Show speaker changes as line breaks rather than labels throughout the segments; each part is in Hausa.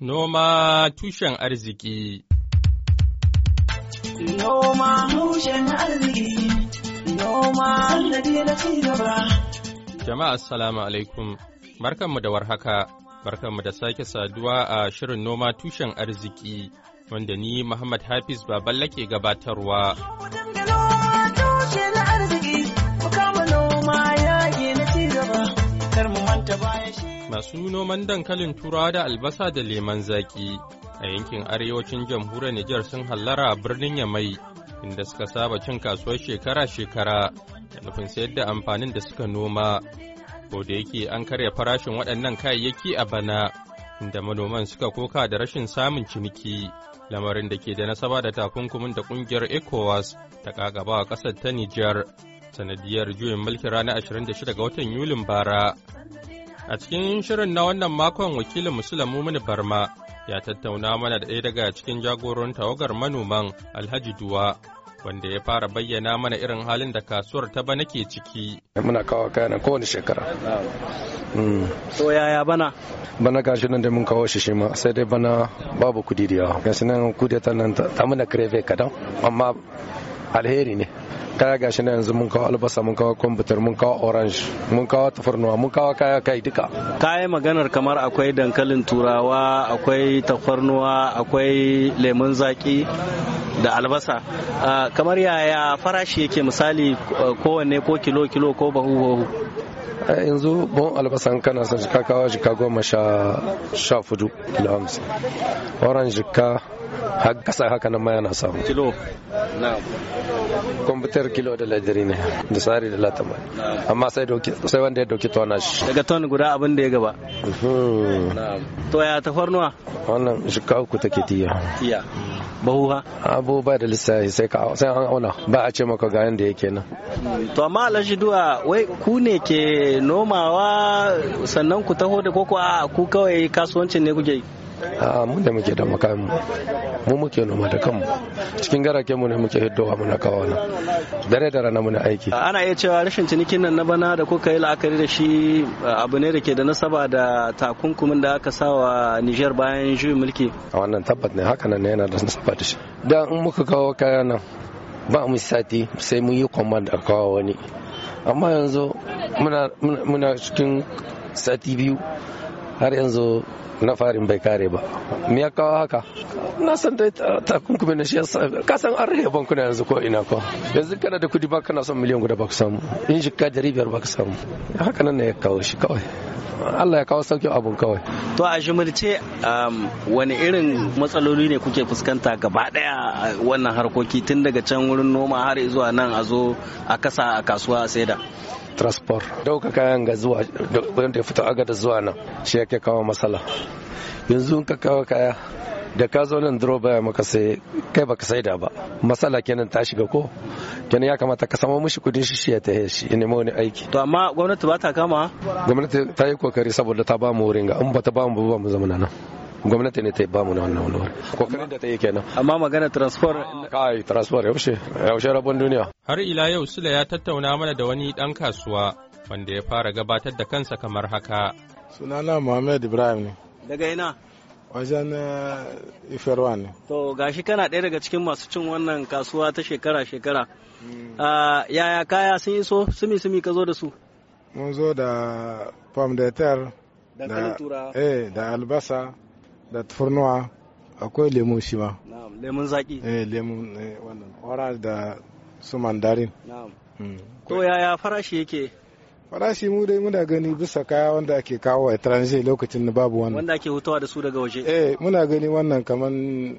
Noma tushen arziki
Noma tushen arziki Noma
Jama'a assalamu alaikum barkanmu da warhaka barkanmu da sake saduwa a shirin noma tushen arziki wanda ni Muhammad Hafiz Baballa ke gabatarwa. Masu noman dankalin turawa da albasa da leman zaki a yankin arewacin jamhuriyar Nijar sun hallara a birnin Yamai inda suka saba cin kasuwar shekara-shekara da nufin sayar da amfanin da suka noma. Ko da yake an karya farashin waɗannan kayayyaki a bana inda manoman suka koka da rashin samun ciniki. Lamarin da ke da nasaba da takunkumin da ƙungiyar ECOWAS ta ƙaƙaba a ƙasar ta Nijar sanadiyar juyin mulki ranar 26 ga watan Yulin bara. A cikin shirin na wannan makon wakilin Musulun Mumini Barma ya tattauna mana da ɗaya daga cikin jagoron tawagar manoman Alhaji Duwa wanda ya fara bayyana mana irin halin da kasuwar ta bana ke ciki.
Muna kawo kayan kowane shekara. Hmm. To yaya bana? Bana gashi nan da mun kawo shi shima sai dai bana babu kudi da yawa. Gasi nan kudi ta nan ta mana kirefe kadan amma alheri ne. kaya gashi na yanzu mun kawo albasa mun kawo kwamfutar mun kawo orange mun kawo tafarnuwa mun kawo kaya kai duka
kayan maganar kamar akwai dankalin turawa akwai tafarnuwa akwai lemun zaki da albasa ah, kamar yaya farashi yake misali ah, kowanne ko kilo kilo ko bahu bahu
eh, yanzu bon albasan kana son shi kawo jika goma sha fudu kilo hamsin orange ka. har kasa haka nan ma yana samu kilo
na hmm.
kwamfutar kilo da ladiri ne da tsari da latama amma sai sai wanda ya dauki tona shi daga ton guda abin da ya gaba to ya tafarnuwa wannan kawo ku take tiya tiya bahuwa abu ba da lissafi sai ka sai an auna ba a ce maka ga yanda yake nan
to amma alashi duwa wai ku ne ke nomawa sannan ku taho da koko a ku kawai kasuwancin ne kuke yi
Ah, mun ne muke da makam mu muke noma da kanmu cikin garake mu ne muke hiddowa muna kawo nan dare da rana muna aiki ah,
ana iya cewa rashin cinikin nan na bana da kuka yi la'akari da shi ah, abu ne da ke da nasaba da takunkumin da aka sa wa Niger bayan
juyin mulki a wannan tabbat ne haka nan yana da nasaba da shi da in muka kawo kaya nan ba mu sati sai mun yi command a kawo wani amma yanzu muna cikin sati biyu har yanzu na farin bai kare ba me ya kawo haka na san dai takunkumi na shi yasa ka san an rage bankuna yanzu ko ina ko yanzu kana da kudi ba kana son miliyan guda ba ku samu in ka dari biyar ba ka samu haka nan ne ya kawo shi kawai Allah ya kawo sauƙin abun kawai
to a shimirce um, wani irin matsaloli ne kuke fuskanta gaba daya wannan harkoki tun daga can wurin noma har zuwa nan a zo a kasa a kasuwa a saida
transport dauka kayan ga zuwa wanda ya fita da zuwa nan shi yake kawo matsala yanzu ka kawo kaya da ka zo nan duro baya maka sai kai baka saida ba matsala kenan ta shiga ko kenan ya kamata ka samu mishi kudin shi ya tahe shi ya nemi wani aiki to amma gwamnati ba ta kama gwamnati ta yi kokari saboda ta ba mu wurin ga in ba ta ba mu ba mu zama nan gwamnati ne ta ba mu na wannan walwar kokarin da ta yi kenan amma magana transport kai transport yaushe yaushe rabon duniya
har ila yau sule ya tattauna mana da wani dan kasuwa wanda ya fara gabatar da kansa kamar haka
sunana muhammad ibrahim ne daga ina wajen eh, iferwa ne
to gashi kana ɗaya daga cikin masu cin wannan kasuwa ta shekara-shekara hmm. ah, yaya kaya sun iso sumi-sumi ka zo da su mun zo
da pom de terre da eh, albasa da tafarnuwa akwai lemun shi ma
lemun zaki eh lemun eh, wannan orange da
su mandarin
mm, to yaya farashi yake farashi mu
dai muna gani bisa kaya wanda ake kawo a transit lokacin da babu wannan wanda
ake hutawa da su daga waje eh
muna gani wannan kaman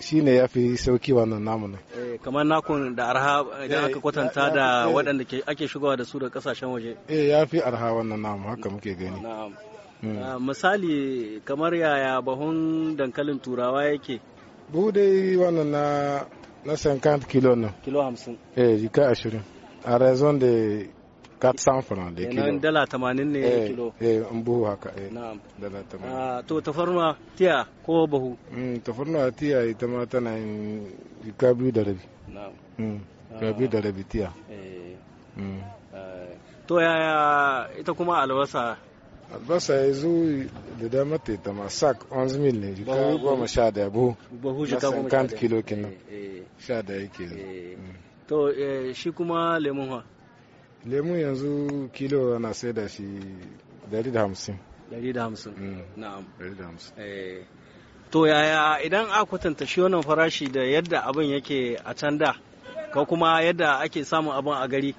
shine ya fi sauki wannan namu ne
eh, kamar nakon da arha idan eh, aka kwatanta da waɗanda ake shigowa da su da kasashen waje
eh ya fi arha wannan namu haka muke gani Hmm. Ah,
misali kamar yaya bahon dankalin turawa yake
buhu dai wannan na na 50 kilo nan kilo 50 eh jika 20 a raison de 400 francs de kilo
dala 80 ne eh, kilo
eh an buhu haka
eh na'am dala 80 ah to tafarma tiya
ko bahu mm tafarma tiya ita ma tana yin jika biyu da rabi na'am mm
jika biyu da rabi tiya eh mm to yaya ita kuma albasa
albasa yanzu da dama ta ita ma sak 11,000 ne jika goma sha daya yabo na 50 kilo kenan
eh, eh. sha daya ke yake eh. mm. to shi kuma lemun ha lemun yanzu kilo ana sai
da shi 150
150 na'am 150 to yaya idan a kwatanta shi wannan farashi da yadda abin yake a can da ko kuma yadda ake samun abin a gari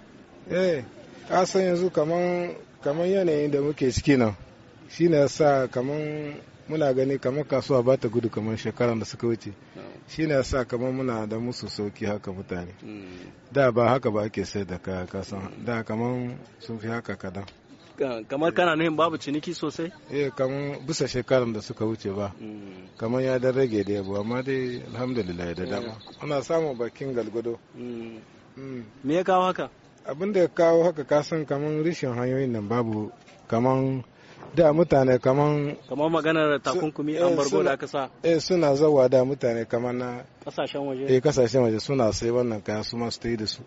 eh ka san yanzu kamar kamar yanayin da muke ciki nan shi ne sa kamar muna gani kamar kasuwa ba ta gudu kamar shekaran da suka wuce shi ne sa kamar muna da musu sauki haka mutane da ba haka ba ake sai da kaya kasan da kamar sun fi haka kadan
kamar kana nuhin babu ciniki sosai? eh
kamar bisa shekaran da suka wuce ba kamar ya dan rage da yabo amma dai alhamdulillah da dama
mm. ana samun bakin galgado mm. Mm. me ya kawo haka
abin da ya kawo haka kasan kamar rishin hanyoyin nan babu kamar da mutane kamar
kamar maganar takunkumi eh, an bargo da aka sa
eh suna zawa da mutane kamar na
kasashen waje eh
kasashen waje suna sai wannan kayan su ma su yi da su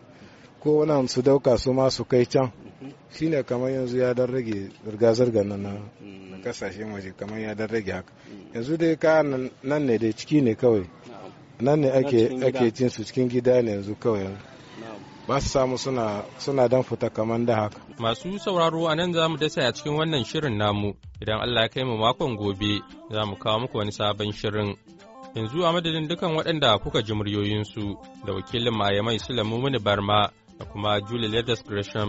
ko wannan su dauka su ma su kai can mhm. shine kamar yanzu ya dan rage zirga-zirga nan mhm. na kasashen waje kamar ya dan rage haka mhm. yanzu dai kayan nan ne dai ciki ne kawai nan ne ake cin su cikin gida ne yanzu kawai ba su samu suna suna dan fita kamar da haka
masu sauraro a nan za mu dasa a cikin wannan shirin namu idan Allah ya kai mu makon gobe za mu kawo muku wani sabon shirin yanzu a madadin dukan waɗanda kuka ji muryoyinsu da wakilin mayamai sulamu mini barma da kuma Julie ledes Gresham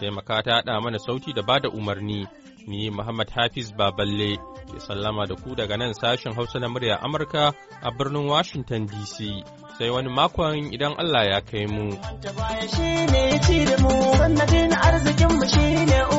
taimaka ta haɗa mana sauti da bada umarni ni Muhammad Hafiz Baballe ke sallama da ku daga nan sashen Hausa na murya Amurka a birnin Washington DC. sai wani makon idan Allah ya kai mu. Wanda
baya shi ne ya ci da mu, arzikin mu shi ne